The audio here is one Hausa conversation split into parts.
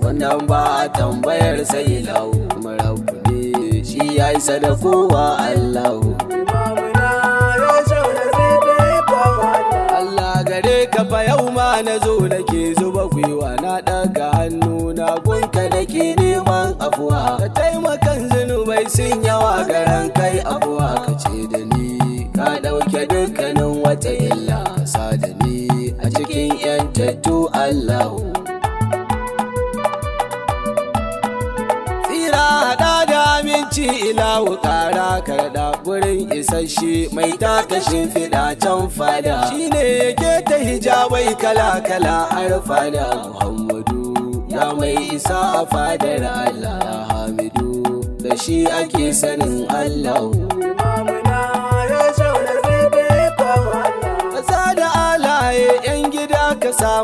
wannan ba tambayar sai lau marabu shi ya yi da allahu Allah gare ka fa yau ma na zo nake zuba gwiwa na ɗaga hannu na gunka nake neman afuwa ka taimakan zunubai sun yawa garan kai afuwa ka ji ilawu ƙara karɗa gurin isasshe mai taka shimfiɗa can fada shine yake ta hijabai kala-kala har fada muhammadu ya mai isa a fadar allah hamidu da shi ake sanin allahu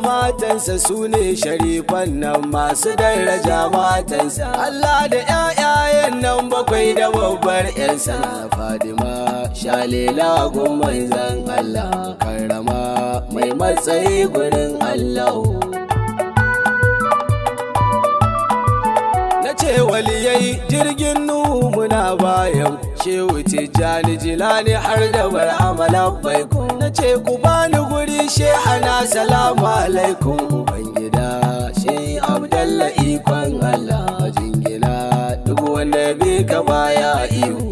matansa su ne sharifan nan masu daraja matansa Allah da ƴaƴayen nan bakwai da babbar ƴansa Fadima shalela gumman manzan Allah karrama mai matsayi gurin Allah ce waliyai jirgin nuhu muna bayan shehu tijjani jilani har da bar'amala baikun na ce ku bani guri shehana salamu alaikum ubangida shi abdalla ikon allah jingina duk wanda bi ka baya ihu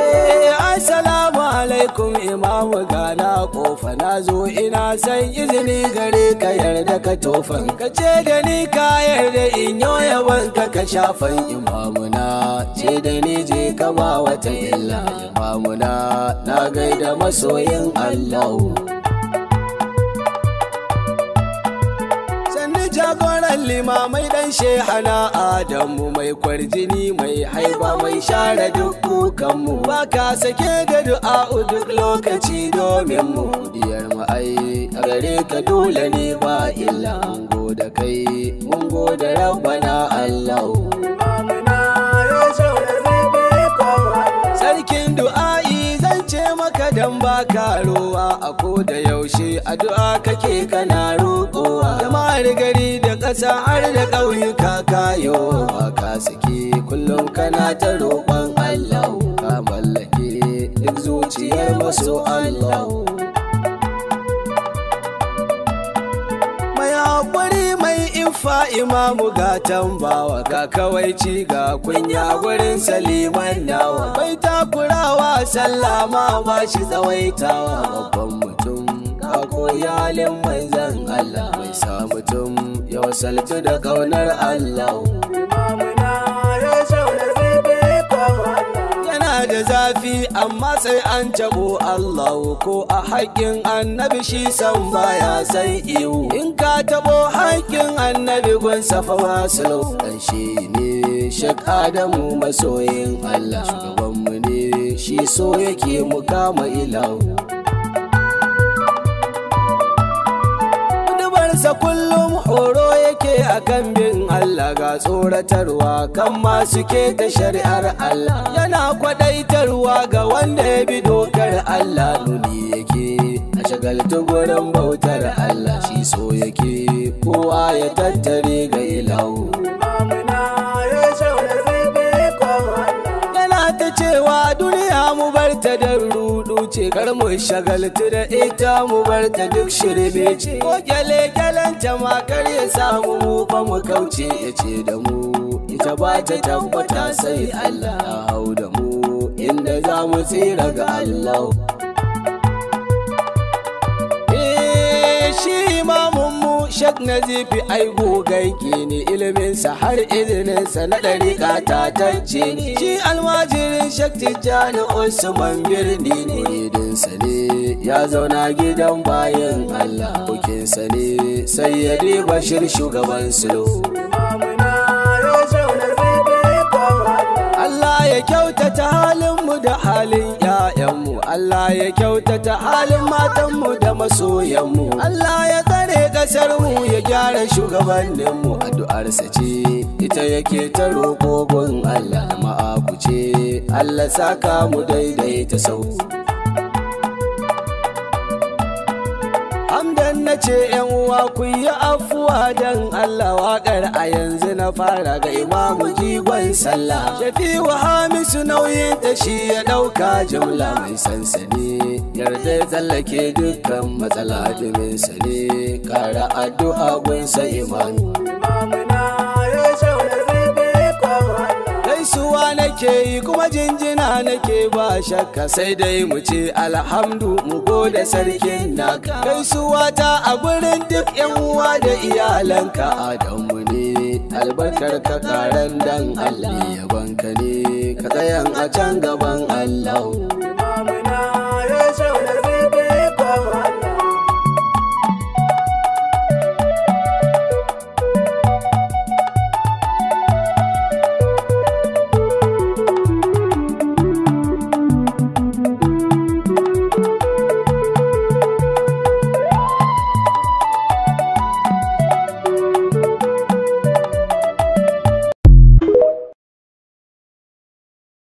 eh, Assalamu alaikum imamu gana kofa na zo ina san izini gare yarda ka tofan ka ce da ni ka yarda in yo yawan ka ka shafan imamuna ce da ni je ka ba wata illa imamuna na gaida masoyin allahu limamai dan shehana adamu mai kwarjini mai haiba mai share duk kukanmu ba ka sake da du'a duk lokaci domin mu diyar mu ai a ka dole ne ba illa mun gode kai mun gode rabbana allah sarkin du'a'i zan ce maka dan baka ruwa a ko da yaushe addu'a kake kana roƙowa jama'ar gari da ƙasa har da ƙauyuka kayo ka saki kullum kana ta roƙon Allah ka mallake duk zuciyar maso Allah mai haƙuri mai infa imamu ga tambawa ka kawai ci ga kunya gurin saliman nawa bai takurawa sallama ba shi tsawaitawa babban mutum ka koyalin manzan Allah bai sa mutum musalci da kaunar Allah. Yana da zafi amma sai an tabo Allah ko a haƙƙin annabi shi san baya sai iyo. In ka tabo haƙƙin annabi gun safa masu dan shi ne da Adamu masoyin Allah shugabanmu ne shi so yake mu kama ilahu. Dubarsa kullum akan bin Allah ga tsoratarwa kan masu keta shari'ar Allah yana kwadaitarwa ga wanda ya bi dokar Allah nuni yake a shagalta gurin bautar Allah shi so yake kowa ya tattare ga ilahu yana ta cewa duniya mu ba wuce kar mu shagaltu da ita mu bar ta duk shirme ce ko gyale gyalanta ma kar ya samu mu ba mu kauce ya da mu ita ba ta tabbata sai Allah hau da mu inda za mu tsira ga Allah shi mu shek na zifi ai gogaike ne iliminsa har izininsa na ɗariƙa tanci ni shi almajirin shek tijjani usman birni ne idinsa ne ya zauna gidan bayan allah bukinsa ne sai bashir shugaban sulo Allah ya kyautata halinmu da halin ‘ya'yanmu, Allah ya kyautata halin matanmu da masoyanmu, Allah ya tsare ƙasarmu ya gyara shugabanninmu addu'arsa ce, ita yake ta roƙo gun Allah da Allah saka mu daidaita sau. na ce yan uwa ku yi afuwa don Allah waƙar a yanzu na fara ga imamu jigon sallah shafi wa hamisu nauyin da shi ya ɗauka jumla mai sansani yarda ya tsallake dukkan matsala domin sani kara addu'a gunsa imanu yi kuma jinjina nake ba shakka sai dai mu ce alhamdu mu gode sarkin naka suwa ta a gurin duk yan uwa da iyalanka adamu ne albarkar ka karan dan Allah banka ne ka tsayan a can gaban Allah